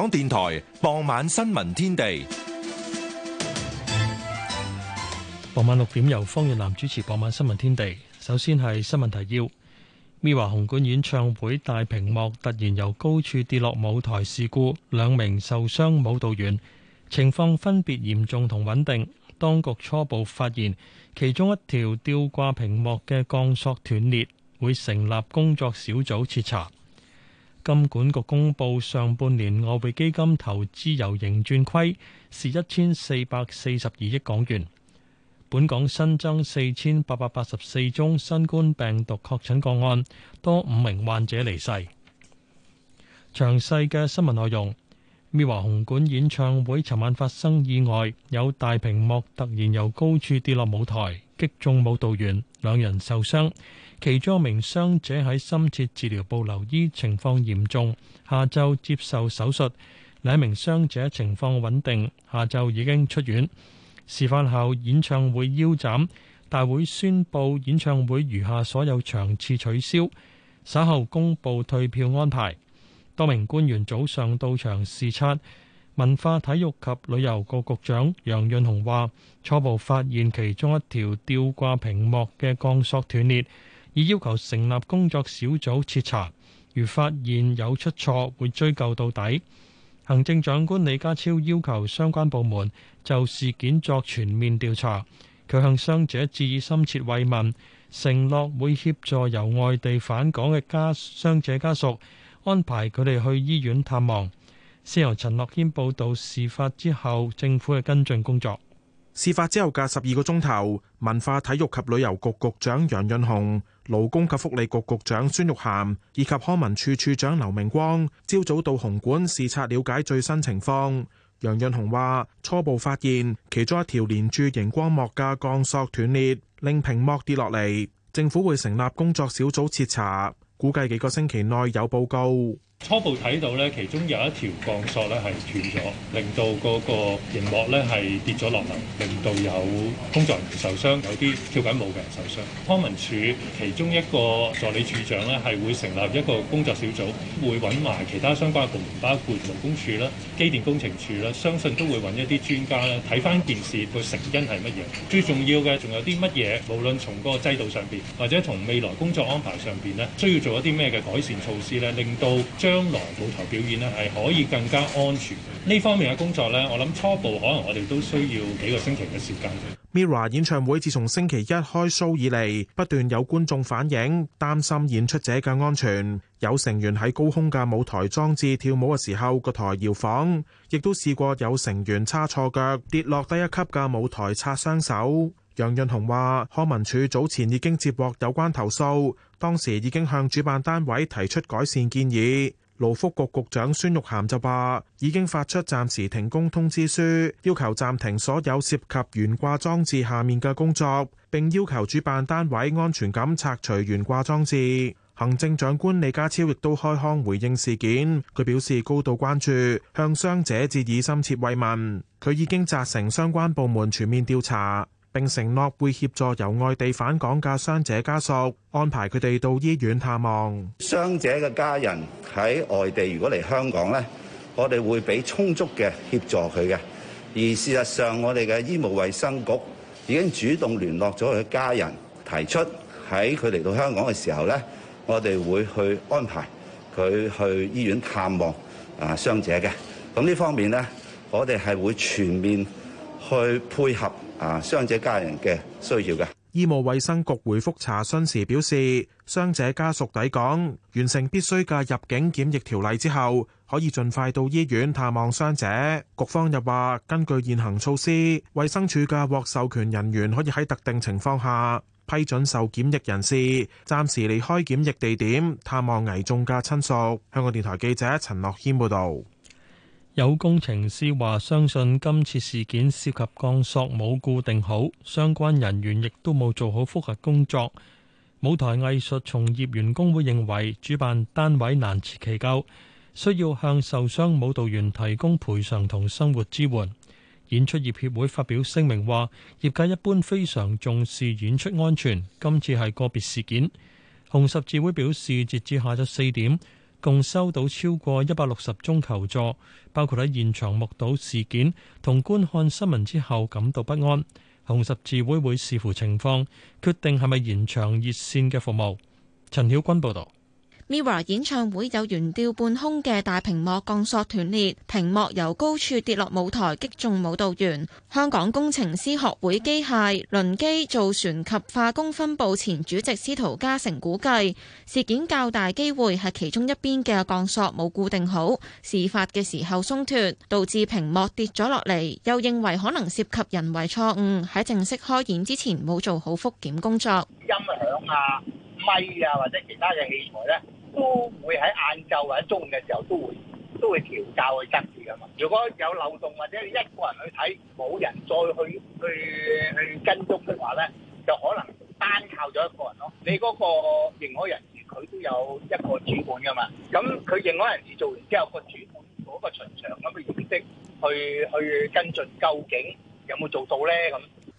香港電臺傍晚新聞天地。傍晚六點由方若男主持傍晚新聞天地。首先係新聞提要：咪華紅館演唱會大屏幕突然由高處跌落舞台事故，兩名受傷舞蹈員情況分別嚴重同穩定。當局初步發現其中一條吊掛屏幕嘅鋼索斷裂，會成立工作小組徹查。金管局公布上半年外匯基金投資由盈轉虧，是一千四百四十二億港元。本港新增四千八百八十四宗新冠病毒確診個案，多五名患者離世。詳細嘅新聞內容：MIRROR 紅館演唱會尋晚發生意外，有大屏幕突然由高處跌落舞台，擊中舞蹈員，兩人受傷。其中一名傷者喺深切治療部留醫，情況嚴重，下晝接受手術；另一名傷者情況穩定，下晝已經出院。事發後，演唱會腰斬，大會宣布演唱會餘下所有場次取消，稍後公布退票安排。多名官員早上到場視察，文化體育及旅遊局局長楊潤雄話：初步發現其中一條吊掛屏幕嘅鋼索斷裂。已要求成立工作小組徹查，如發現有出錯，會追究到底。行政長官李家超要求相關部門就事件作全面調查。佢向傷者致以深切慰問，承諾會協助由外地返港嘅家傷者家屬安排佢哋去醫院探望。先由陳樂謙報道事發之後政府嘅跟進工作。事發之後隔十二個鐘頭，文化體育及旅遊局局長楊潤雄。勞工及福利局局長孫玉菡以及康文處處長劉明光朝早到紅館視察了解最新情況。楊潤雄話：初步發現其中一條連住熒光幕嘅鋼索斷裂，令屏幕跌落嚟。政府會成立工作小組徹查，估計幾個星期內有報告。初步睇到咧，其中有一條鋼索咧係斷咗，令到嗰個熒幕咧係跌咗落嚟，令到有工作人員受傷，有啲跳緊舞嘅人受傷。康文署其中一個助理處長咧係會成立一個工作小組，會揾埋其他相關部門，包括勞工處啦、機電工程處啦，相信都會揾一啲專家咧睇返件事個成因係乜嘢。最重要嘅仲有啲乜嘢？無論從個制度上面，或者從未來工作安排上面咧，需要做一啲咩嘅改善措施咧，令到將將來舞台表演呢係可以更加安全嘅。呢方面嘅工作呢，我諗初步可能我哋都需要幾個星期嘅時間。Mira 演唱會自從星期一開 show 以嚟，不斷有觀眾反映擔心演出者嘅安全，有成員喺高空嘅舞台裝置跳舞嘅時候個台搖晃，亦都試過有成員叉錯腳跌落低一級嘅舞台擦傷手。楊潤雄話：康文署早前已經接獲有關投訴，當時已經向主辦單位提出改善建議。勞福局局長孫玉菡就話已經發出暫時停工通知書，要求暫停所有涉及懸掛裝置下面嘅工作，並要求主辦單位安全咁拆除懸掛裝置。行政長官李家超亦都開腔回應事件，佢表示高度關注，向傷者致以深切慰問。佢已經責成相關部門全面調查。並承諾會協助由外地返港嘅傷者家屬安排佢哋到醫院探望。傷者嘅家人喺外地，如果嚟香港呢，我哋會俾充足嘅協助佢嘅。而事實上，我哋嘅醫務衛生局已經主動聯絡咗佢嘅家人，提出喺佢嚟到香港嘅時候呢，我哋會去安排佢去醫院探望啊傷者嘅。咁呢方面呢，我哋係會全面去配合。啊！傷者家人嘅需要嘅。醫務衛生局回覆查詢時表示，傷者家屬抵港，完成必須嘅入境檢疫條例之後，可以盡快到醫院探望傷者。局方又話，根據現行措施，衛生署嘅獲授權人員可以喺特定情況下批准受檢疫人士暫時離開檢疫地點探望危重嘅親屬，香港電台記者陳樂謙報道。有工程師話：相信今次事件涉及鋼索冇固定好，相關人員亦都冇做好複核工作。舞台藝術從業員工會認為主辦單位難辭其咎，需要向受傷舞蹈員提供賠償同生活支援。演出業協會發表聲明話：業界一般非常重視演出安全，今次係個別事件。紅十字會表示，截至下晝四點，共收到超過一百六十宗求助，包括喺現場目睹事件同觀看新聞之後感到不安。紅十字會會視乎情況，決定係咪延長熱線嘅服務。陳曉君報導。Mirror 演唱會有懸吊半空嘅大屏幕鋼索斷裂，屏幕由高處跌落舞台擊中舞蹈員。香港工程師學會機械輪機造船及化工分部前主席司徒嘉成估計，事件較大機會係其中一邊嘅鋼索冇固定好，事發嘅時候鬆脱，導致屏幕跌咗落嚟。又認為可能涉及人為錯誤，喺正式開演之前冇做好復檢工作。音響啊，啊，或者其他嘅器材咧，都會喺晏晝或者中午嘅時候都會都會調校去測住噶嘛。如果有漏洞，或者一個人去睇，冇人再去去去跟蹤嘅話咧，就可能單靠咗一個人咯。你嗰個認可人士佢都有一個主管噶嘛，咁佢認可人士做完之後，個主管嗰個巡場，咁嘅形式去去跟進，究竟有冇做到咧咁？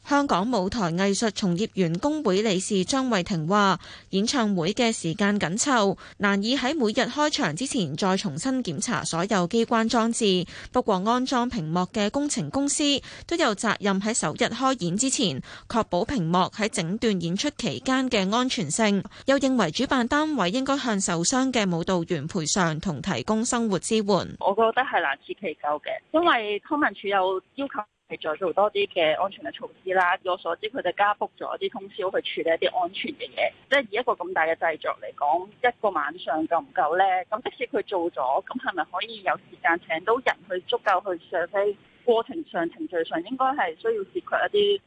香港舞台藝術從業員工會理事張慧婷話，演唱會嘅時間緊湊，難以喺每日開場之前再重新檢查所有機關裝置。不過，安裝屏幕嘅工程公司都有責任喺首日開演之前，確保屏幕喺整段演出期間嘅安全性。又認為主辦單位應該向受傷嘅舞蹈員賠償同提供生活支援。我覺得係難辭其咎嘅，因為康文署有要求。係再做多啲嘅安全嘅措施啦。以我所知，佢就加 book 咗啲通宵去處理一啲安全嘅嘢。即係以一個咁大嘅製作嚟講，一個晚上夠唔夠咧？咁即使佢做咗，咁係咪可以有時間請到人去足夠去上飛？過程上，程序上應該係需要涉及一啲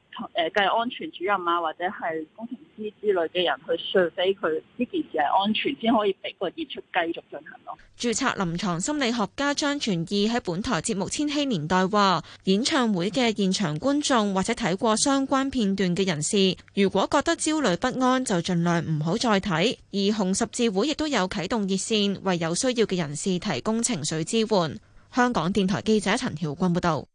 誒，計、呃、安全主任啊，或者係工程師之類嘅人去審批佢呢件事係安全，先可以俾個演出繼續進行咯。註冊臨床心理學家張傳義喺本台節目《千禧年代》話：演唱會嘅現場觀眾或者睇過相關片段嘅人士，如果覺得焦慮不安，就儘量唔好再睇。而紅十字會亦都有啟動熱線，為有需要嘅人士提供情緒支援。香港電台記者陳曉君報道，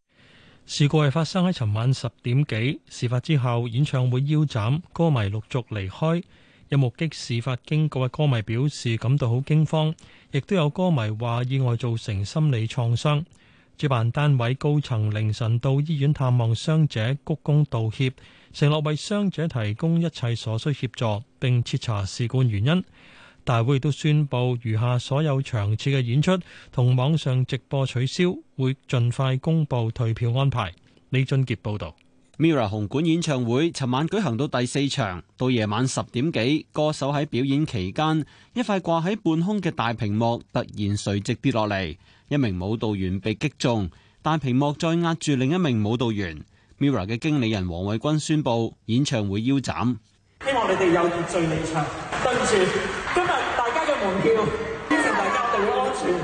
事故係發生喺尋晚十點幾。事發之後，演唱會腰斬，歌迷陸續離開。有目擊事發經過嘅歌迷表示感到好驚慌，亦都有歌迷話意外造成心理創傷。主辦單位高層凌晨到醫院探望傷者，鞠躬道歉，承諾為傷者提供一切所需協助，並徹查事故原因。大會都宣布餘下所有場次嘅演出同網上直播取消，會盡快公布退票安排。李俊杰報道。Mirror 紅館演唱會尋晚舉行到第四場，到夜晚十點幾，歌手喺表演期間一塊掛喺半空嘅大屏幕突然垂直跌落嚟，一名舞蹈員被擊中，大屏幕再壓住另一名舞蹈員。Mirror 嘅經理人黃慧君宣布演唱會腰斬，希望你哋有秩序離場，對唔住。希望大家注意安全。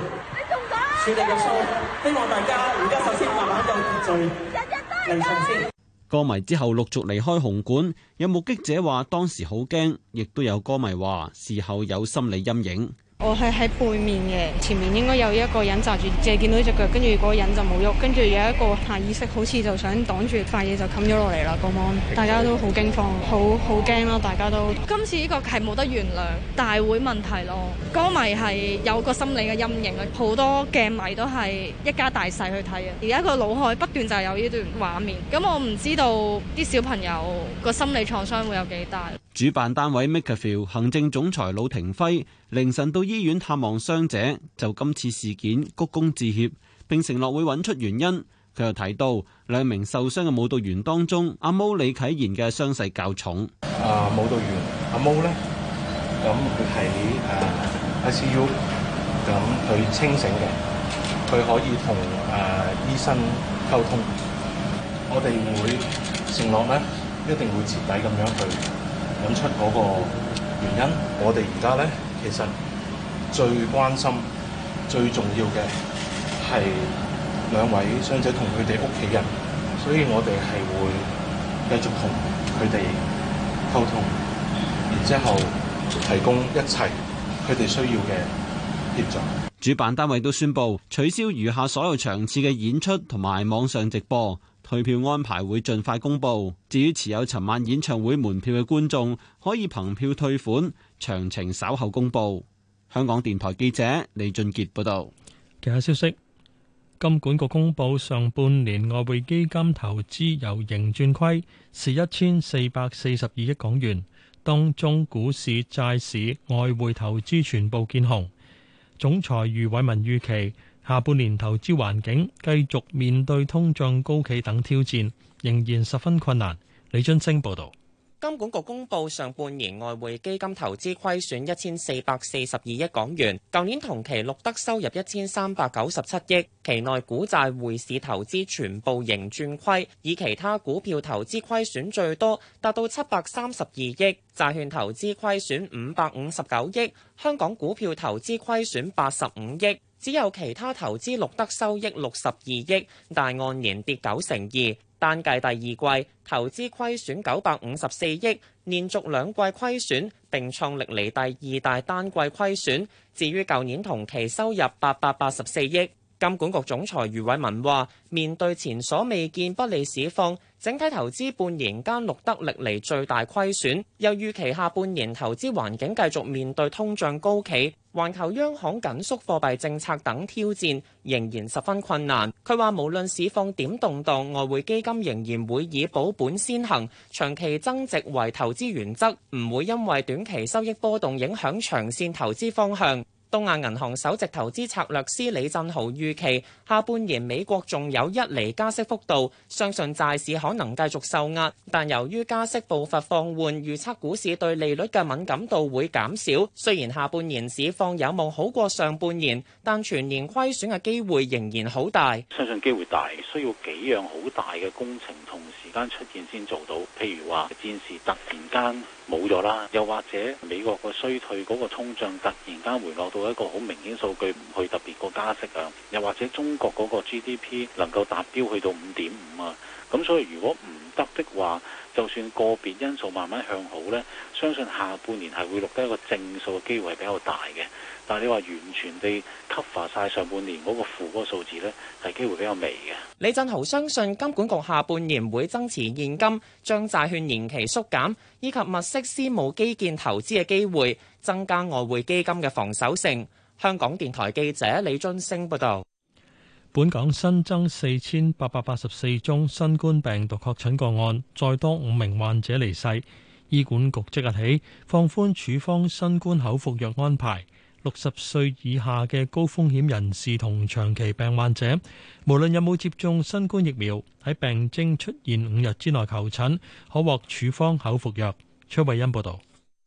希望大家而家首先慢慢有秩序，離場先。歌迷之後陸續離開紅館，有目擊者話當時好驚，亦都有歌迷話事後有心理陰影。我係喺背面嘅，前面應該有一個人扎住，就係見到隻腳，跟住嗰個人就冇喐，跟住有一個下意識好似就想擋住，塊嘢就冚咗落嚟啦。哥媽，大家都好驚慌，好好驚咯，大家都。今次呢個係冇得原諒，大會問題咯。歌迷係有個心理嘅陰影啊，好多鏡迷都係一家大細去睇啊，而家個腦海不斷就有呢段畫面，咁我唔知道啲小朋友個心理創傷會有幾大。主辦單位 MakerVille 行政總裁魯庭暉凌晨到醫院探望傷者，就今次事件鞠躬致歉，並承諾會揾出原因。佢又提到兩名受傷嘅舞蹈員當中，阿毛李啟言嘅傷勢較重。啊，舞蹈員阿毛咧，咁佢喺誒 ICU，咁佢清醒嘅，佢可以同誒、uh, 醫生溝通。我哋會承諾咧，一定會徹底咁樣去，揾出嗰個原因，我哋而家咧其實最關心、最重要嘅係兩位傷者同佢哋屋企人，所以我哋係會繼續同佢哋溝通，然之後提供一切佢哋需要嘅協助。主辦單位都宣佈取消餘下所有場次嘅演出同埋網上直播，退票安排會盡快公布。至於持有尋晚演唱會門票嘅觀眾，可以憑票退款，詳情稍後公布。香港電台記者李俊杰報道。其他消息：金管局公布上半年外匯基金投資由盈轉虧，是一千四百四十二億港元，當中股市、債市、外匯投資全部見紅。總裁余偉文預期下半年投資環境繼續面對通脹高企等挑戰，仍然十分困難。李津升報道。金管局公布上半年外匯基金投資虧損一千四百四十二億港元，舊年同期錄得收入一千三百九十七億，期內股債匯市投資全部盈轉虧，以其他股票投資虧損最多，達到七百三十二億，債券投資虧損五百五十九億，香港股票投資虧損八十五億，只有其他投資錄得收益六十二億，但按年跌九成二。單計第二季投資虧損九百五十四億，連續兩季虧損，並創歷嚟第二大單季虧損。至於舊年同期收入八百八十四億。金管局總裁余偉文話，面對前所未見不利市況，整體投資半年間錄得歷嚟最大虧損。又預期下半年投資環境繼續面對通脹高企、環球央行緊縮貨幣政策等挑戰，仍然十分困難。佢話，無論市況點動蕩，外匯基金仍然會以保本先行、長期增值為投資原則，唔會因為短期收益波動影響長線投資方向。東亞銀行首席投資策略師李振豪預期，下半年美國仲有一厘加息幅度，相信債市可能繼續受壓。但由於加息步伐放緩，預測股市對利率嘅敏感度會減少。雖然下半年市況有望好過上半年，但全年虧損嘅機會仍然好大。相信機會大，需要幾樣好大嘅工程同時間出現先做到。譬如話，戰事突然間。冇咗啦，又或者美國個衰退嗰個通脹突然間回落到一個好明顯數據，唔去特別個加息啊，又或者中國嗰個 GDP 能夠達標去到五點五啊，咁所以如果唔得嘅話，就算個別因素慢慢向好呢，相信下半年係會錄得一個正數嘅機會係比較大嘅。但係你話完全地 cover 晒上半年嗰個負嗰個數字呢，係機會比較微嘅。李振豪相信金管局下半年會增持現金，將債券延期縮減，以及物色私募基建投資嘅機會，增加外匯基金嘅防守性。香港電台記者李津升報道。本港新增四千八百八十四宗新冠病毒確診個案，再多五名患者離世。醫管局即日起放寬處方新冠口服藥安排。六十歲以下嘅高風險人士同長期病患者，無論有冇接種新冠疫苗，喺病徵出現五日之內求診，可獲處方口服藥。崔慧欣報導。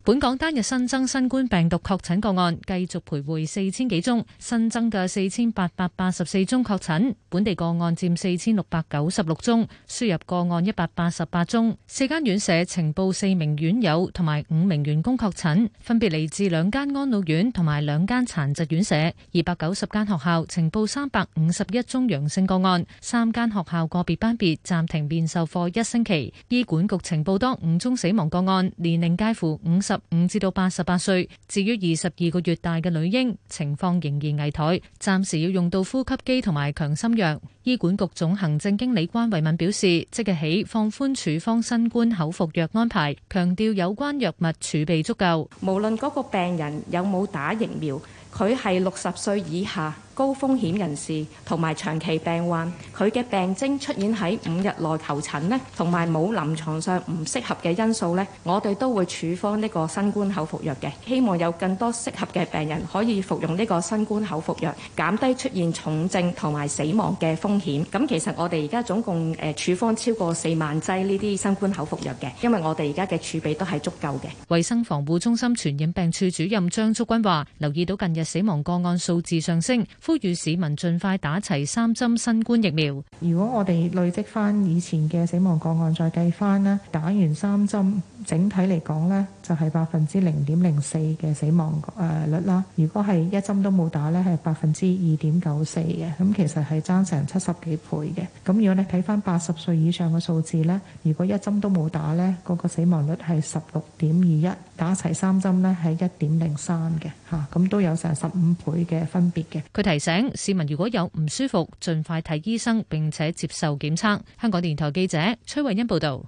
本港單日新增新冠病毒確診個案，繼續徘徊四千幾宗，新增嘅四千八百八十四宗確診，本地個案占四千六百九十六宗，輸入個案一百八十八宗。四間院舍呈報四名院友同埋五名員工確診，分別嚟自兩間安老院同埋兩間殘疾院舍。二百九十間學校呈報三百五十一宗陽性個案，三間學校個別班別暫停面授課一星期。醫管局呈報多五宗死亡個案，年齡介乎五十五至到八十八歲，至於二十二個月大嘅女嬰，情況仍然危殆，暫時要用到呼吸機同埋強心藥。醫管局總行政經理關維敏表示，即日起放寬處方新冠口服藥安排，強調有關藥物儲備足夠。無論嗰個病人有冇打疫苗，佢係六十歲以下。高風險人士同埋長期病患，佢嘅病徵出現喺五日內求診咧，同埋冇臨床上唔適合嘅因素咧，我哋都會處方呢個新冠口服藥嘅。希望有更多適合嘅病人可以服用呢個新冠口服藥，減低出現重症同埋死亡嘅風險。咁其實我哋而家總共誒處方超過四萬劑呢啲新冠口服藥嘅，因為我哋而家嘅儲備都係足夠嘅。衛生防護中心傳染病處主任張竹君話：留意到近日死亡個案數字上升。呼籲市民盡快打齊三針新冠疫苗。如果我哋累積返以前嘅死亡個案，再計返咧，打完三針。整體嚟講呢就係百分之零點零四嘅死亡誒率啦。如果係一針都冇打呢，係百分之二點九四嘅。咁其實係爭成七十幾倍嘅。咁如果你睇翻八十歲以上嘅數字呢，如果一針都冇打呢，嗰個死亡率係十六點二一，打齊三針呢係一點零三嘅。嚇、啊，咁都有成十五倍嘅分別嘅。佢提醒市民如果有唔舒服，盡快睇醫生並且接受檢測。香港電台記者崔慧欣報道。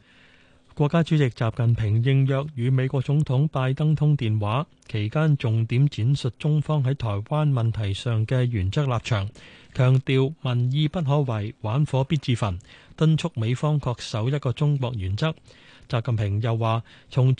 國家主席習近平應約與美國總統拜登通電話，期間重點展述中方喺台灣問題上嘅原則立場，強調民意不可違，玩火必自焚，敦促美方恪守一個中國原則。習近平又說，從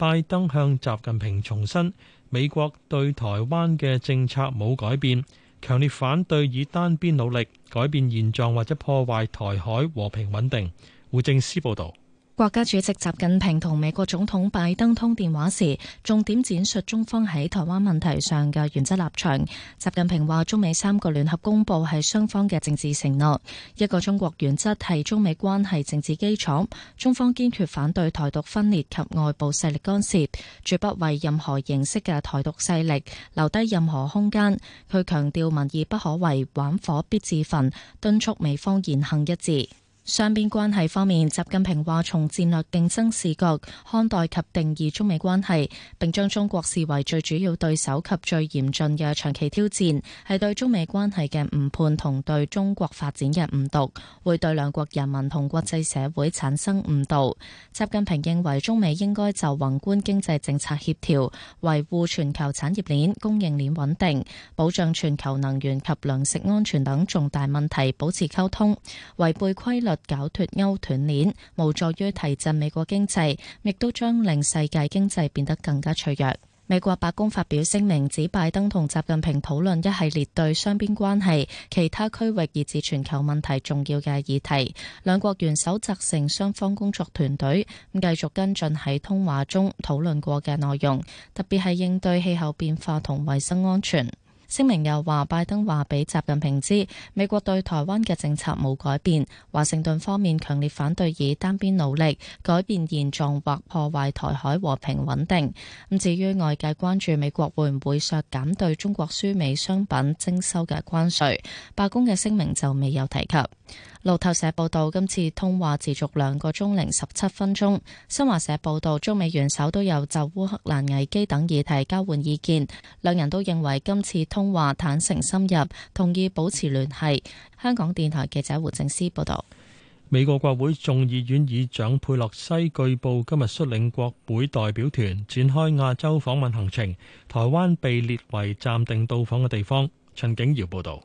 拜登向習近平重申，美國對台灣嘅政策冇改變，強烈反對以單邊努力改變現狀或者破壞台海和平穩定。胡正思報導。國家主席習近平同美國總統拜登通電話時，重點闡述中方喺台灣問題上嘅原則立場。習近平話：中美三個聯合公報係雙方嘅政治承諾，一個中國原則係中美關係政治基礎。中方堅決反對台獨分裂及外部勢力干涉，絕不為任何形式嘅台獨勢力留低任何空間。佢強調民意不可違，玩火必自焚，敦促美方言行一致。雙邊關係方面，習近平話從戰略競爭視角看待及定義中美關係，並將中國視為最主要對手及最嚴峻嘅長期挑戰，係對中美關係嘅誤判同對中國發展嘅誤讀，會對兩國人民同國際社會產生誤導。習近平認為，中美應該就宏觀經濟政策協調、維護全球產業鏈供應鏈穩定、保障全球能源及糧食安全等重大問題保持溝通。違背規律，搞脫歐斷鏈，無助於提振美國經濟，亦都將令世界經濟變得更加脆弱。美國白宮發表聲明，指拜登同習近平討論一系列對雙邊關係、其他區域以至全球問題重要嘅議題。兩國元首責成雙方工作團隊繼續跟進喺通話中討論過嘅內容，特別係應對氣候變化同衛生安全。聲明又話，拜登話俾習近平知，美國對台灣嘅政策冇改變。華盛頓方面強烈反對以單邊努力改變現狀或破壞台海和平穩定。咁至於外界關注美國會唔會削減對中國輸美商品徵收嘅關稅，白宮嘅聲明就未有提及。路透社報道，今次通話持續兩個鐘零十七分鐘。新華社報道，中美元首都有就烏克蘭危機等議題交換意見，兩人都認為今次通話坦誠深入，同意保持聯繫。香港電台記者胡正思報道。美國國會眾議院議長佩洛西據報今日率領國會代表團展開亞洲訪問行程，台灣被列為暫定到訪嘅地方。陳景堯報道。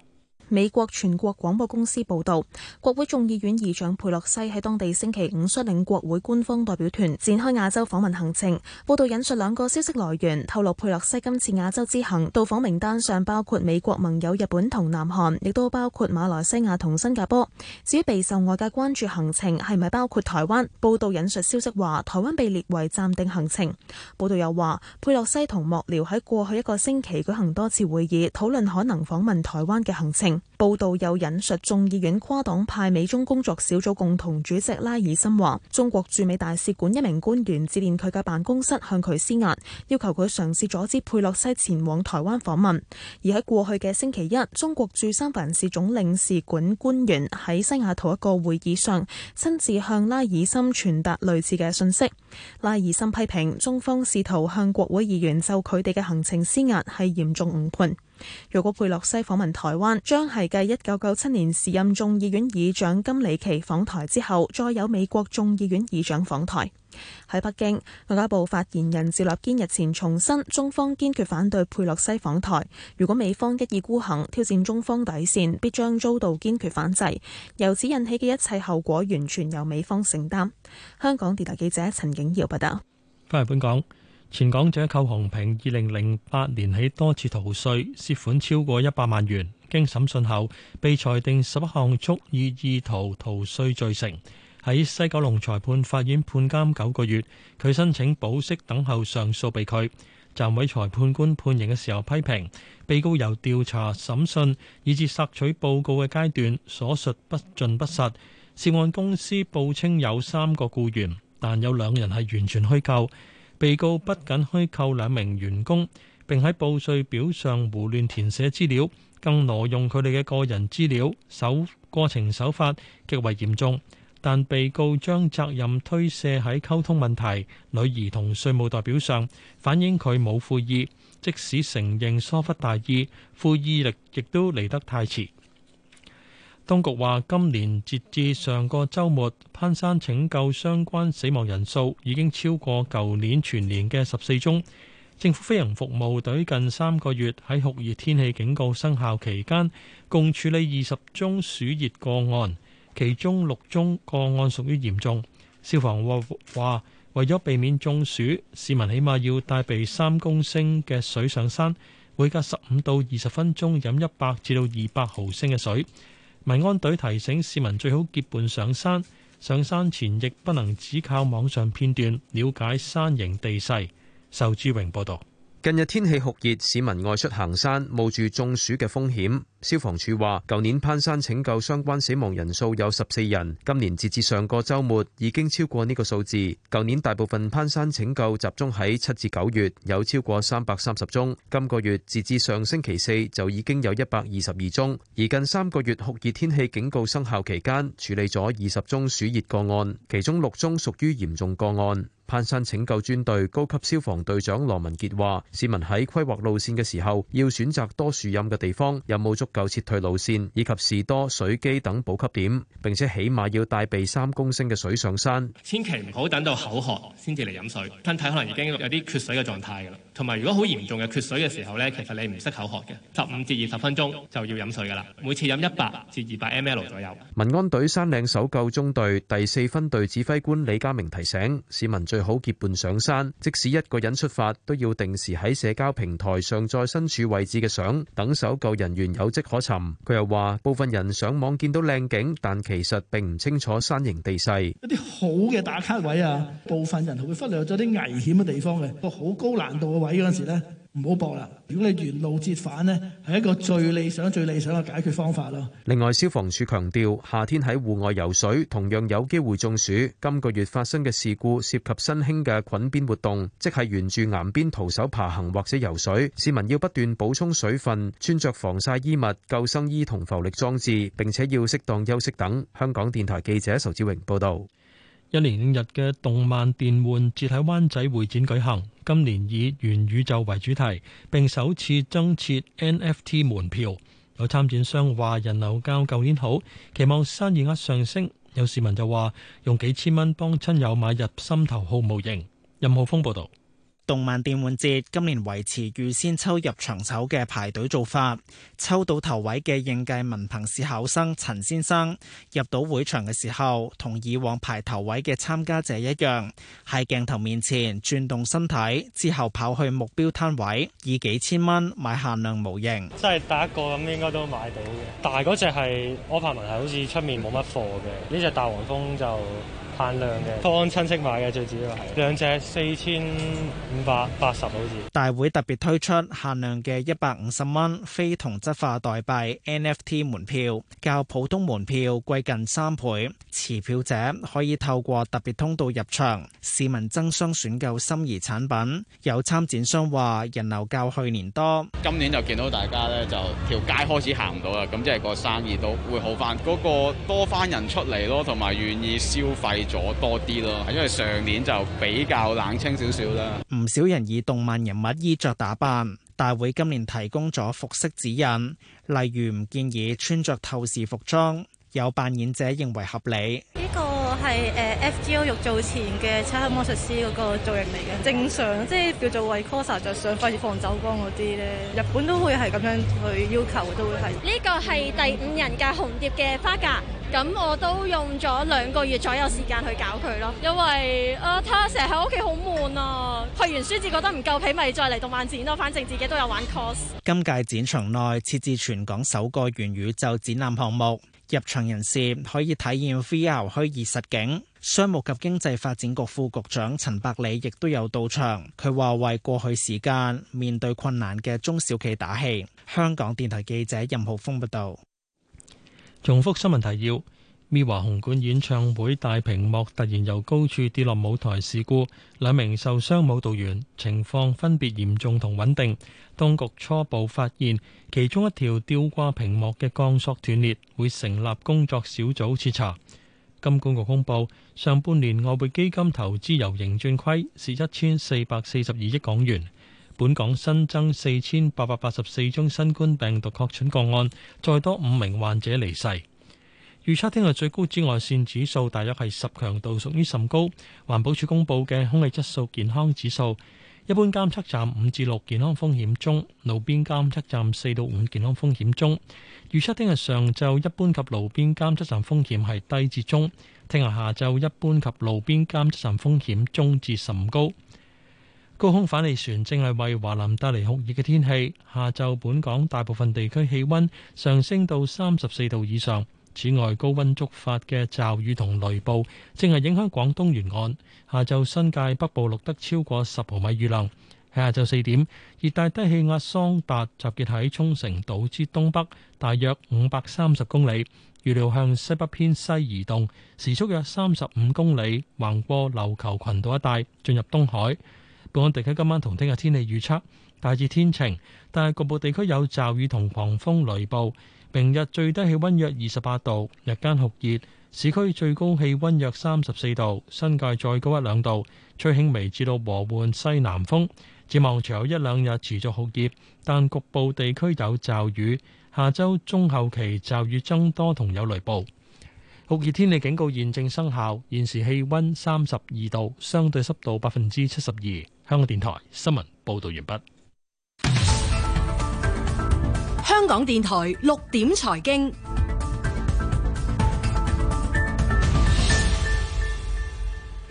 美國全國廣播公司報道，國會眾議院議長佩洛西喺當地星期五率領國會官方代表團展開亞洲訪問行程。報道引述兩個消息來源透露，佩洛西今次亞洲之行到訪名單上包括美國盟友日本同南韓，亦都包括馬來西亞同新加坡。至於備受外界關注行程係咪包括台灣？報道引述消息話，台灣被列為暫定行程。報道又話，佩洛西同幕僚喺過去一個星期舉行多次會議，討論可能訪問台灣嘅行程。報道又引述眾議院跨黨派美中工作小組共同主席拉爾森話：中國駐美大使館一名官員致電佢嘅辦公室向佢施壓，要求佢嘗試阻止佩洛西前往台灣訪問。而喺過去嘅星期一，中國駐三藩市總領事館官員喺西雅圖一個會議上，親自向拉爾森傳達類似嘅信息。拉爾森批評中方試圖向國會議員就佢哋嘅行程施壓係嚴重誤判。如果佩洛西訪問台灣，將係繼一九九七年時任眾議院議長金里奇訪台之後，再有美國眾議院議長訪台。喺北京，外交部發言人趙立堅日前重申，中方堅決反對佩洛西訪台。如果美方一意孤行，挑戰中方底線，必將遭到堅決反制。由此引起嘅一切後果，完全由美方承擔。香港電台記者陳景瑤報道。翻嚟本港。前港姐寇洪平，二零零八年起多次逃稅，涉款超過一百萬元。經審訊後，被裁定十一項蓄意意圖逃逃稅罪成。喺西九龍裁判法院判監九個月。佢申請保釋等候上訴被拒。暫委裁判官判刑嘅時候批評，批評被告由調查審訊以至索取報告嘅階段，所述不盡不實。涉案公司報稱有三個僱員，但有兩人係完全虛構。被告不僅虛構兩名員工，並喺報稅表上胡亂填寫資料，更挪用佢哋嘅個人資料，手過程手法極為嚴重。但被告將責任推卸喺溝通問題、女兒同稅務代表上，反映佢冇悔意。即使承認疏忽大意，悔意力亦都嚟得太遲。當局話，今年截至上個周末攀山拯救相關死亡人數已經超過舊年全年嘅十四宗。政府飛行服務隊近三個月喺酷熱天氣警告生效期間，共處理二十宗暑熱個案，其中六宗個案屬於嚴重。消防話話，為咗避免中暑，市民起碼要帶備三公升嘅水上山，每隔十五到二十分鐘飲一百至到二百毫升嘅水。民安隊提醒市民最好結伴上山，上山前亦不能只靠網上片段了解山形地勢。仇志榮報導。近日天氣酷熱，市民外出行山，冒住中暑嘅風險。消防處話舊年攀山拯救相關死亡人數有十四人，今年截至上個周末已經超過呢個數字。舊年大部分攀山拯救集中喺七至九月，有超過三百三十宗。今個月截至上星期四，就已經有一百二十二宗。而近三個月酷熱天氣警告生效期間處理咗二十宗暑熱個案，其中六宗屬於嚴重個案。攀山拯救專隊高級消防隊長羅文傑話：市民喺規劃路線嘅時候，要選擇多樹蔭嘅地方，有冇足夠撤退路線，以及士多、水機等補給點。並且起碼要帶備三公升嘅水上山。千祈唔好等到口渴先至嚟飲水，身體可能已經有啲缺水嘅狀態㗎啦。同埋，如果好嚴重嘅缺水嘅時候呢，其實你唔識口渴嘅，十五至二十分鐘就要飲水㗎啦。每次飲一百至二百 ml 左右。民安隊山嶺搜救中隊第四分隊指揮官李家明提醒市民最最好結伴上山，即使一個人出發，都要定時喺社交平台上載身處位置嘅相，等搜救人員有跡可尋。佢又話，部分人上網見到靚景，但其實並唔清楚山形地勢。一啲好嘅打卡位啊，部分人會忽略咗啲危險嘅地方嘅，個好高難度嘅位嗰陣時咧，唔好搏啦！如果你沿路折返呢，係一個最理想、最理想嘅解決方法咯。另外，消防處強調夏天喺戶外游水同樣有機會中暑。今個月發生嘅事故涉及新興嘅綑邊活動，即係沿住岩邊徒手爬行或者游水。市民要不斷補充水分，穿着防晒衣物、救生衣同浮力裝置，並且要適當休息等。香港電台記者仇志榮報道。一年五日嘅動漫電玩節喺灣仔會展舉行，今年以元宇宙為主題，並首次增設 NFT 門票。有參展商話人流較舊年好，期望生意額上升。有市民就話用幾千蚊幫親友買入心頭好模型。任浩峰報道。動漫電玩節今年維持預先抽入場籌嘅排隊做法，抽到頭位嘅應屆文憑試考生陳先生入到會場嘅時候，同以往排頭位嘅參加者一樣，喺鏡頭面前轉動身體之後跑去目標攤位，以幾千蚊買限量模型。即係第一個咁，應該都買到嘅，但係嗰隻係我怕問題，好似出面冇乜貨嘅呢隻大黃蜂就。限量嘅幫親戚買嘅最主要係兩隻四千五百八十。好似大會特別推出限量嘅一百五十蚊非同質化代幣 NFT 門票，較普通門票貴近三倍。持票者可以透過特別通道入場。市民爭相選購心儀產品，有參展商話人流較去年多。今年就見到大家咧，就條街開始行唔到啦，咁即係個生意都會好翻，嗰個多翻人出嚟咯，同埋願意消費。咗多啲咯，因為上年就比較冷清少少啦。唔少人以動漫人物衣着打扮，大會今年提供咗服飾指引，例如唔建議穿着透視服裝。有扮演者認為合理呢個係誒 F G O 欲造前嘅漆黑魔術師嗰個造型嚟嘅正常，即係叫做為 cos 就想反而放走光嗰啲咧。日本都會係咁樣去要求，都會係呢個係第五人格嘅紅蝶嘅花嫁。咁我都用咗兩個月左右時間去搞佢咯，因為啊，睇下成日喺屋企好悶啊，去完書字覺得唔夠皮，咪再嚟動漫展咯。反正自己都有玩 cos。今屆展場內設置全港首個元宇宙展覽項目。入場人士可以體驗 VR 虛擬實境。商務及經濟發展局副局長陳百里亦都有到場。佢話為過去時間面對困難嘅中小企打氣。香港電台記者任浩峰報導。重複新聞提要。米華紅館演唱會大屏幕，突然由高處跌落舞台事故，兩名受傷舞蹈員情況分別嚴重同穩定。當局初步發現其中一條吊掛屏幕嘅鋼索斷裂，會成立工作小組徹查。金管局公布上半年外匯基金投資由盈轉虧，是一千四百四十二億港元。本港新增四千八百八十四宗新冠病毒確診個案，再多五名患者離世。預測聽日最高紫外線指數大約係十，強度屬於甚高。環保署公布嘅空氣質素健康指數，一般監測站五至六，健康風險中；路邊監測站四到五，健康風險中。預測聽日上晝一般及路邊監測站風險係低至中，聽日下晝一般及路邊監測站風險中至甚高。高空反氣旋正係為華南帶嚟酷熱嘅天氣，下晝本港大部分地區氣溫上升到三十四度以上。此外，高溫觸發嘅驟雨同雷暴正係影響廣東沿岸。下晝新界北部錄得超過十毫米雨量。喺下晝四點，熱帶低氣壓桑達集結喺沖繩島之東北，大約五百三十公里。預料向西北偏西移動，時速約三十五公里，橫過琉球群島一帶，進入東海。本港地區今晚同聽日天氣預測大致天晴，但係局部地區有驟雨同狂風雷暴。明日最低氣溫約二十八度，日間酷熱，市區最高氣溫約三十四度，新界再高一兩度，吹輕微至到和緩西南風。展望隨有一兩日持續酷熱，但局部地區有驟雨。下周中後期驟雨增多同有雷暴，酷熱天氣警告現正生效。現時氣溫三十二度，相對濕度百分之七十二。香港電台新聞報道完畢。香港電台六點財經。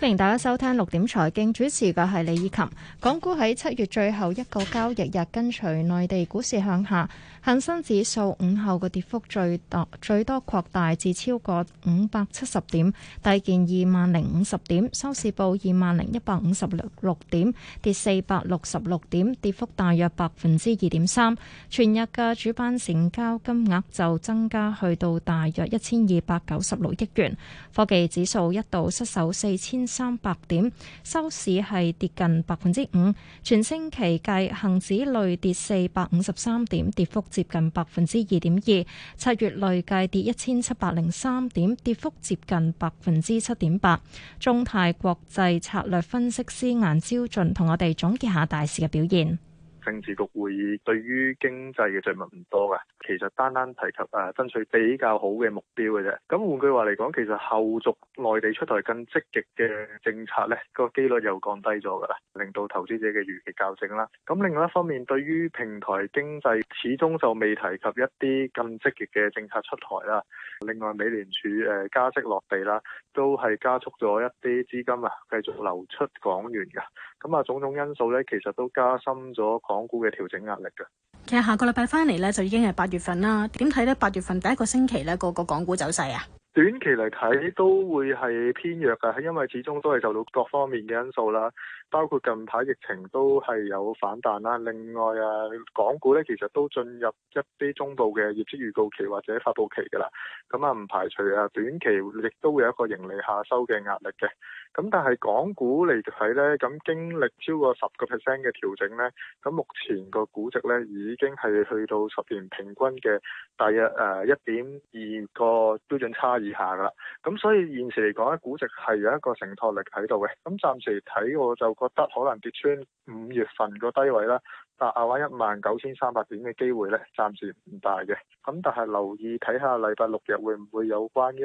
歡迎大家收聽六點財經，主持嘅係李以琴。港股喺七月最後一個交易日跟隨內地股市向下，恒生指數午後嘅跌幅最大，最多擴大至超過五百七十點，低見二萬零五十點，收市報二萬零一百五十六點，跌四百六十六點，跌幅大約百分之二點三。全日嘅主板成交金額就增加去到大約一千二百九十六億元。科技指數一度失守四千。三百點收市係跌近百分之五，全星期計恒指累跌四百五十三點，跌幅接近百分之二點二。七月累計跌一千七百零三點，跌幅接近百分之七點八。中泰國際策略分析師顏朝俊同我哋總結下大市嘅表現。政治局會議對於經濟嘅題目唔多噶。其實單單提及誒爭取比較好嘅目標嘅啫，咁換句話嚟講，其實後續內地出台更積極嘅政策咧，個機率又降低咗㗎啦，令到投資者嘅預期較正啦。咁另外一方面，對於平台經濟始終就未提及一啲咁積極嘅政策出台啦。另外，美聯儲誒加息落地啦，都係加速咗一啲資金啊繼續流出港元㗎。咁啊，種種因素咧，其實都加深咗港股嘅調整壓力嘅。其實下個禮拜翻嚟咧，就已經係八月。月份啦，點睇咧？八月份第一個星期咧，個個港股走勢啊？短期嚟睇都會係偏弱噶因為始終都係受到各方面嘅因素啦。包括近排疫情都係有反彈啦，另外啊，港股咧其實都進入一啲中部嘅業績預告期或者發佈期㗎啦，咁啊唔排除啊短期亦都會有一個盈利下收嘅壓力嘅，咁但係港股嚟睇咧，咁經歷超過十個 percent 嘅調整咧，咁目前個估值咧已經係去到十年平均嘅大約誒一點二個標準差以下㗎啦，咁所以現時嚟講咧，估值係有一個承托力喺度嘅，咁暫時睇我就覺得可能跌穿五月份個低位啦，但亞穩一萬九千三百點嘅機會咧，暫時唔大嘅。咁但係留意睇下禮拜六日會唔會有關於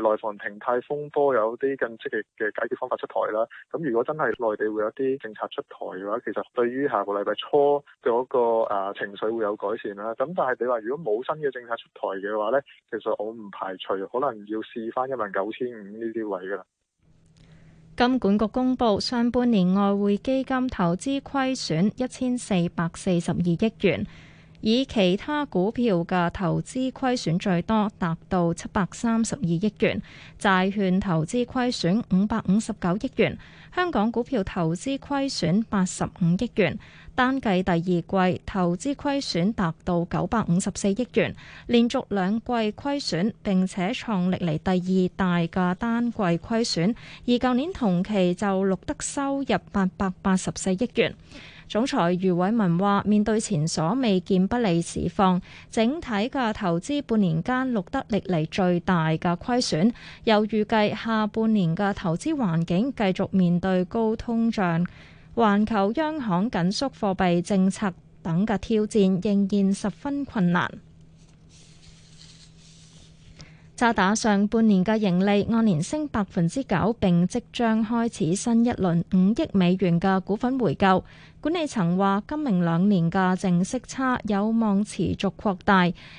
內房停貸風波有啲更積極嘅解決方法出台啦。咁如果真係內地會有啲政策出台嘅話，其實對於下個禮拜初嘅嗰個誒情緒會有改善啦。咁但係你話如果冇新嘅政策出台嘅話咧，其實我唔排除可能要試翻一萬九千五呢啲位噶啦。金管局公布上半年外匯基金投資虧損一千四百四十二億元，以其他股票嘅投資虧損最多，達到七百三十二億元，債券投資虧損五百五十九億元。香港股票投資虧損八十五億元，單計第二季投資虧損達到九百五十四億元，連續兩季虧損並且創歷嚟第二大嘅單季虧損，而舊年同期就錄得收入八百八十四億元。總裁余偉文話，面對前所未見不利市況，整體嘅投資半年間錄得歷嚟最大嘅虧損。又預計下半年嘅投資環境繼續面對高通脹、環球央行緊縮貨幣政策等嘅挑戰，仍然十分困難。渣打上半年嘅盈利按年升百分之九，並即將開始新一輪五億美元嘅股份回購。管理層話今明兩年嘅淨息差有望持續擴大，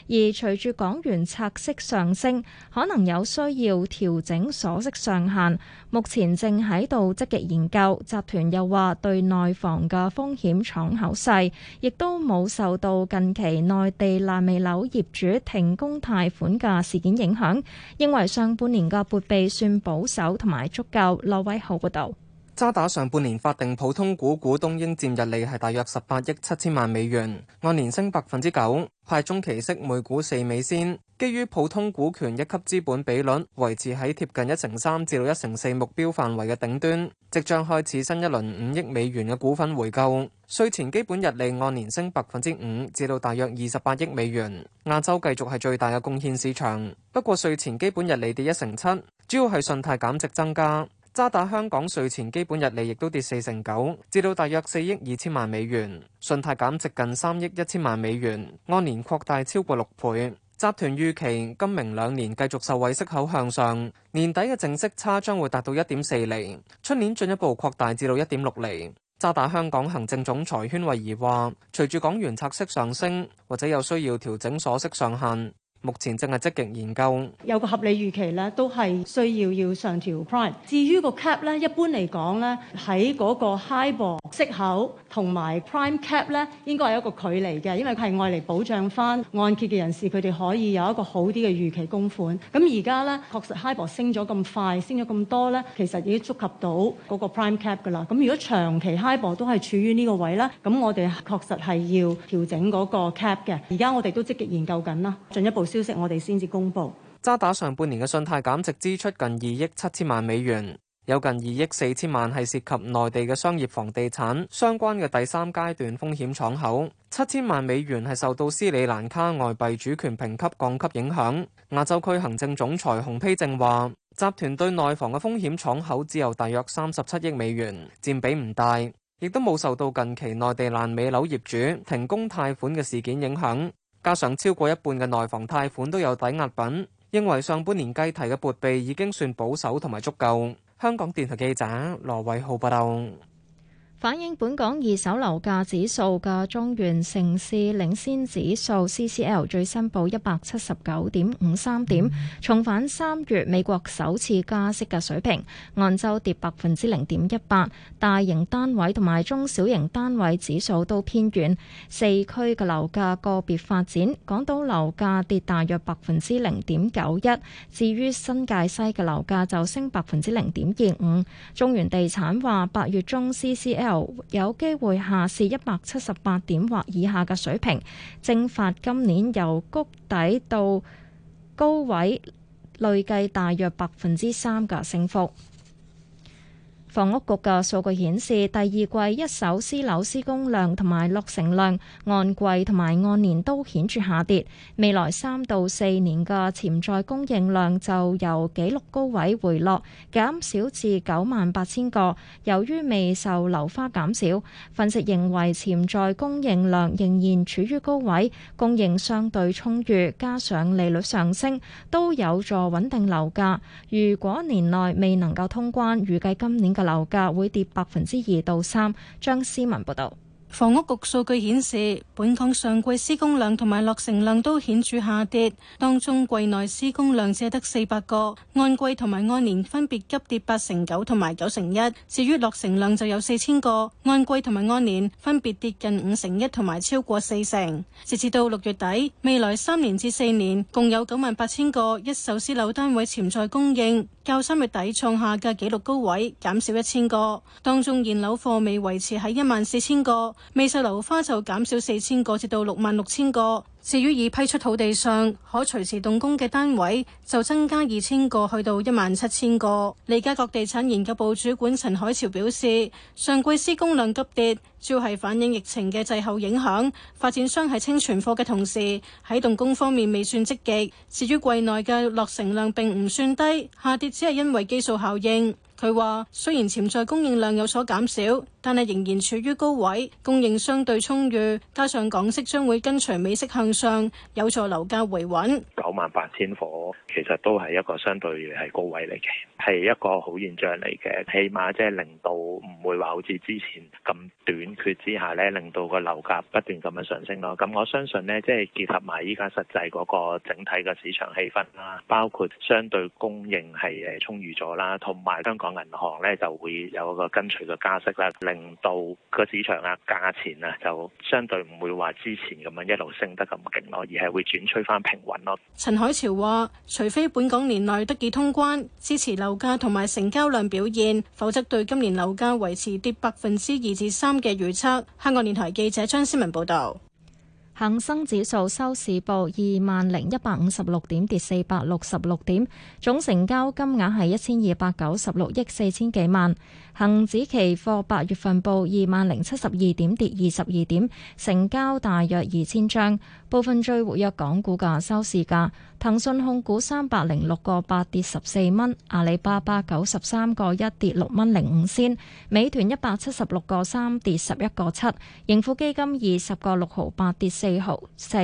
而隨住港元拆息上升，可能有需要調整鎖息上限。目前正喺度積極研究。集團又話對內房嘅風險敞口細，亦都冇受到近期內地爛尾樓業主停工貸款嘅事件影響，認為上半年嘅撥備算保守同埋足夠。劉偉浩報道。渣打上半年法定普通股股東應佔日利係大約十八億七千萬美元，按年升百分之九，派中期息每股四美仙。基於普通股權一級資本比率維持喺貼近一成三至到一成四目標範圍嘅頂端，即將開始新一輪五億美元嘅股份回購。稅前基本日利按年升百分之五至到大約二十八億美元。亞洲繼續係最大嘅貢獻市場，不過稅前基本日利跌一成七，主要係信貸減值增加。渣打香港稅前基本日利亦都跌四成九，至到大約四億二千萬美元，信貸減值近三億一千萬美元，按年擴大超過六倍。集團預期今明兩年繼續受惠息口向上，年底嘅淨息差將會達到一點四厘，出年進一步擴大至到一點六厘。渣打香港行政總裁禤惠儀話，隨住港元拆息上升，或者有需要調整鎖息上限。目前正係積極研究，有個合理預期咧，都係需要要上調 prime。至於個 cap 咧，一般嚟講咧，喺嗰個 hybrid 息口同埋 prime cap 咧，應該係一個距離嘅，因為佢係用嚟保障返按揭嘅人士，佢哋可以有一個好啲嘅預期供款。咁而家咧，確實 hybrid 升咗咁快，升咗咁多咧，其實已經觸及到嗰個 prime cap 㗎啦。咁如果長期 hybrid 都係處於呢個位咧，咁我哋確實係要調整嗰個 cap 嘅。而家我哋都積極研究緊啦，進一步，消息我哋先至公布。渣打上半年嘅信貸減值支出近二億七千萬美元，有近二億四千萬係涉及內地嘅商業房地產相關嘅第三階段風險敞口，七千萬美元係受到斯里蘭卡外幣主權評級降級影響。亞洲區行政總裁洪丕正話：集團對內房嘅風險敞口只有大約三十七億美元，佔比唔大，亦都冇受到近期內地爛尾樓業主停工貸款嘅事件影響。加上超過一半嘅內房貸款都有抵押品，認為上半年計提嘅撥備已經算保守同埋足夠。香港電台記者羅偉浩報道。反映本港二手樓價指數嘅中原城市領先指數 CCL 最新報一百七十九點五三點，重返三月美國首次加息嘅水平。按周跌百分之零點一八，大型單位同埋中小型單位指數都偏軟，四區嘅樓價個別發展，港島樓價跌大約百分之零點九一，至於新界西嘅樓價就升百分之零點二五。中原地產話八月中 CCL 有機會下試一百七十八點或以下嘅水平，蒸發今年由谷底到高位累計大約百分之三嘅升幅。房屋局嘅數據顯示，第二季一手私樓施工量同埋落成量按季同埋按年都顯著下跌。未來三到四年嘅潛在供應量就由紀錄高位回落，減少至九萬八千個。由於未受樓花減少，分析認為潛在供應量仍然處於高位，供應相對充裕，加上利率上升都有助穩定樓價。如果年內未能夠通關，預計今年嘅樓價會跌百分之二到三。張思文報道。房屋局數據顯示，本港上季施工量同埋落成量都顯著下跌，當中季內施工量只得四百個，按季同埋按年分別急跌八成九同埋九成一。至於落成量就有四千個，按季同埋按年分別跌近五成一同埋超過四成。直至到六月底，未來三年至四年共有九萬八千個一手私樓單位潛在供應，較三月底創下嘅紀錄高位減少一千個，當中現樓貨未維持喺一萬四千個。未售樓花就減少四千個，至到六萬六千個。至於已批出土地上可隨時動工嘅單位，就增加二千個，去到一萬七千個。利嘉閣地產研究部主管陳海潮表示，上季施工量急跌，主要係反映疫情嘅滯後影響。發展商係清存貨嘅同時，喺動工方面未算積極。至於季內嘅落成量，並唔算低，下跌只係因為基數效應。佢話雖然潛在供應量有所減少，但係仍然處於高位，供應相對充裕，加上港息將會跟隨美息向上，有助樓價維穩。九萬八千夥其實都係一個相對係高位嚟嘅，係一個好現象嚟嘅。起碼即係令到唔會話好似之前咁短缺之下呢，令到個樓價不斷咁樣上升咯。咁我相信呢，即係結合埋依家實際嗰個整體嘅市場氣氛啦，包括相對供應係誒充裕咗啦，同埋香港銀行咧就會有一個跟隨嘅加息啦。令到個市場啊，價錢啊，就相對唔會話之前咁樣一路升得咁勁咯，而係會轉趨翻平穩咯。陳海潮話：除非本港年內得以通關，支持樓價同埋成交量表現，否則對今年樓價維持跌百分之二至三嘅預測。香港電台記者張思文報道。恒生指數收市報二萬零一百五十六點，跌四百六十六點，總成交金額係一千二百九十六億四千幾萬。恒指期貨八月份報二萬零七十二點，跌二十二點，成交大約二千張。部分最活躍港股嘅收市價：騰訊控股三百零六個八跌十四蚊，阿里巴巴九十三個一跌六蚊零五仙，美團一百七十六個三跌十一個七，盈富基金二十個六毫八跌四毫四。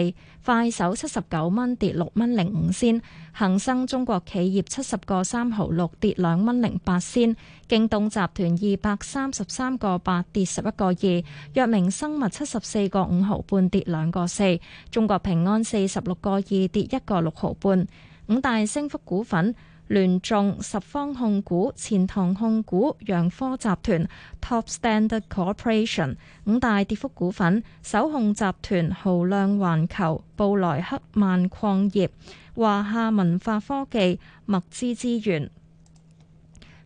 快手七十九蚊跌六蚊零五仙，恒生中國企業七十個三毫六跌兩蚊零八仙，京東集團二百三十三個八跌十一個二，藥明生物七十四個五毫半跌兩個四，中國平安四十六個二跌一個六毫半，五大升幅股份。聯眾、聯十方控股、錢塘控股、揚科集團、Top Standard Corporation。五大跌幅股份，首控集團、豪亮環球、布萊克曼礦業、華夏文化科技、麥芝資源。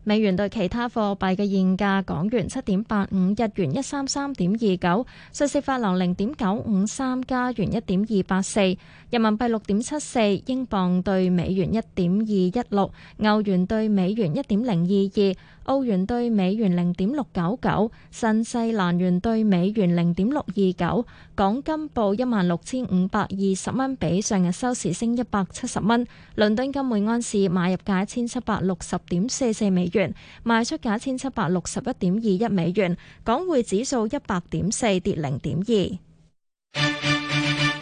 美元兌其他貨幣嘅現價：港元七點八五，日元一三三點二九，瑞士法郎零點九五三，加元一點二八四，人民幣六點七四，英鎊對美元一點二一六，歐元對美元一點零二二。澳元對美元零點六九九，新西蘭元對美元零點六二九，港金報一萬六千五百二十蚊，比上日收市升一百七十蚊。倫敦金每安士買入價一千七百六十點四四美元，賣出價一千七百六十一點二一美元。港匯指數一百點四跌零點二。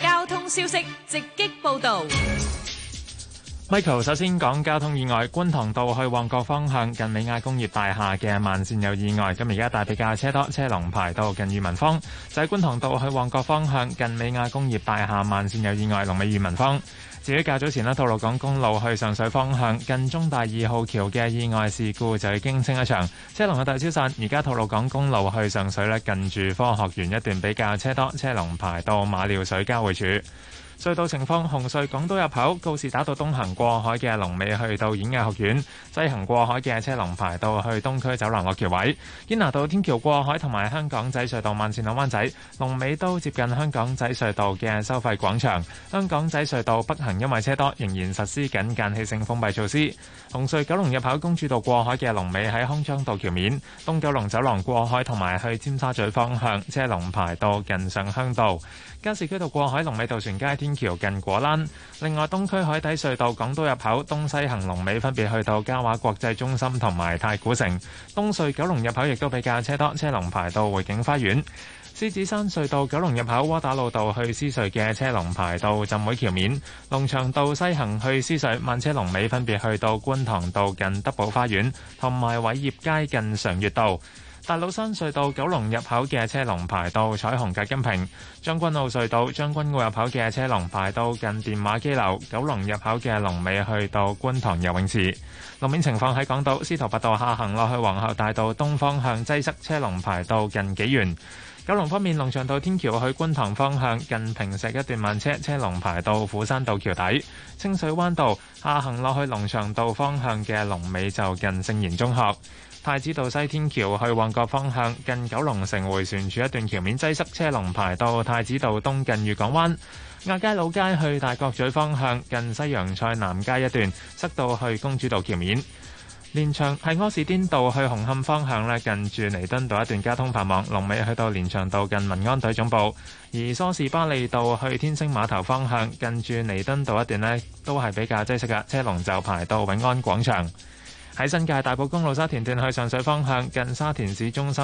交通消息直擊報道。Michael 首先講交通意外，觀塘道去旺角方向近美亞工業大廈嘅慢線有意外，咁而家大批架車多，車龍排到近裕民坊。就喺觀塘道去旺角方向近美亞工業大廈慢線有意外，龍尾裕民坊。至於較早前呢，吐露港公路去上水方向近中大二號橋嘅意外事故就已經清一場，車龍嘅大消散。而家吐露港公路去上水呢，近住科學園一段比較車多，車龍排到馬料水交匯處。隧道情況：紅隧港島入口告示打到東行過海嘅龍尾去到演藝學院，西行過海嘅車龍排到去東區走廊落橋位。堅拿道天橋過海同埋香港仔隧道慢線落灣仔龍尾都接近香港仔隧道嘅收費廣場。香港仔隧道北行，因為車多，仍然實施緊間歇性封閉措施。紅隧九龍入口公主道過海嘅龍尾喺康莊道橋面，東九龍走廊過海同埋去尖沙咀方向車龍排到近上鄉道，加士居道過海龍尾渡船街天橋近果欄。另外，東區海底隧道港島入口東西行龍尾分別去到嘉華國際中心同埋太古城。東隧九龍入口亦都比較車多，車龍排到匯景花園。獅子山隧道九龍入口窩打老道去獅隧嘅車龍排到浸會橋面，龍翔道西行去獅隧慢車龍尾分別去到觀塘道近德寶花園同埋偉業街近常悅道。大老山隧道九龍入口嘅車龍排到彩虹隔音屏，將軍澳隧道將軍澳入口嘅車龍排到近電話機樓，九龍入口嘅龍尾去到觀塘游泳池。路面情況喺港島司徒拔道下行落去皇后大道東方向擠塞，車龍排到近紀元。九龍方面，龍翔道天橋去觀塘方向，近坪石一段慢車，車龍排到斧山道橋底；清水灣道下行落去龍翔道方向嘅龍尾就近聖賢中學；太子道西天橋去旺角方向，近九龍城回旋處一段橋面擠塞，車龍排到太子道東近譽港灣；亞皆老街去大角咀方向，近西洋菜南街一段塞到去公主道橋面。連翔係柯士甸道去紅磡方向咧，近住彌敦道一段交通繁忙，龍尾去到連翔道近民安隊總部。而梳士巴利道去天星碼頭方向，近住彌敦道一段咧，都係比較擠塞噶車龍就排到永安廣場。喺新界大埔公路沙田段去上水方向，近沙田市中心。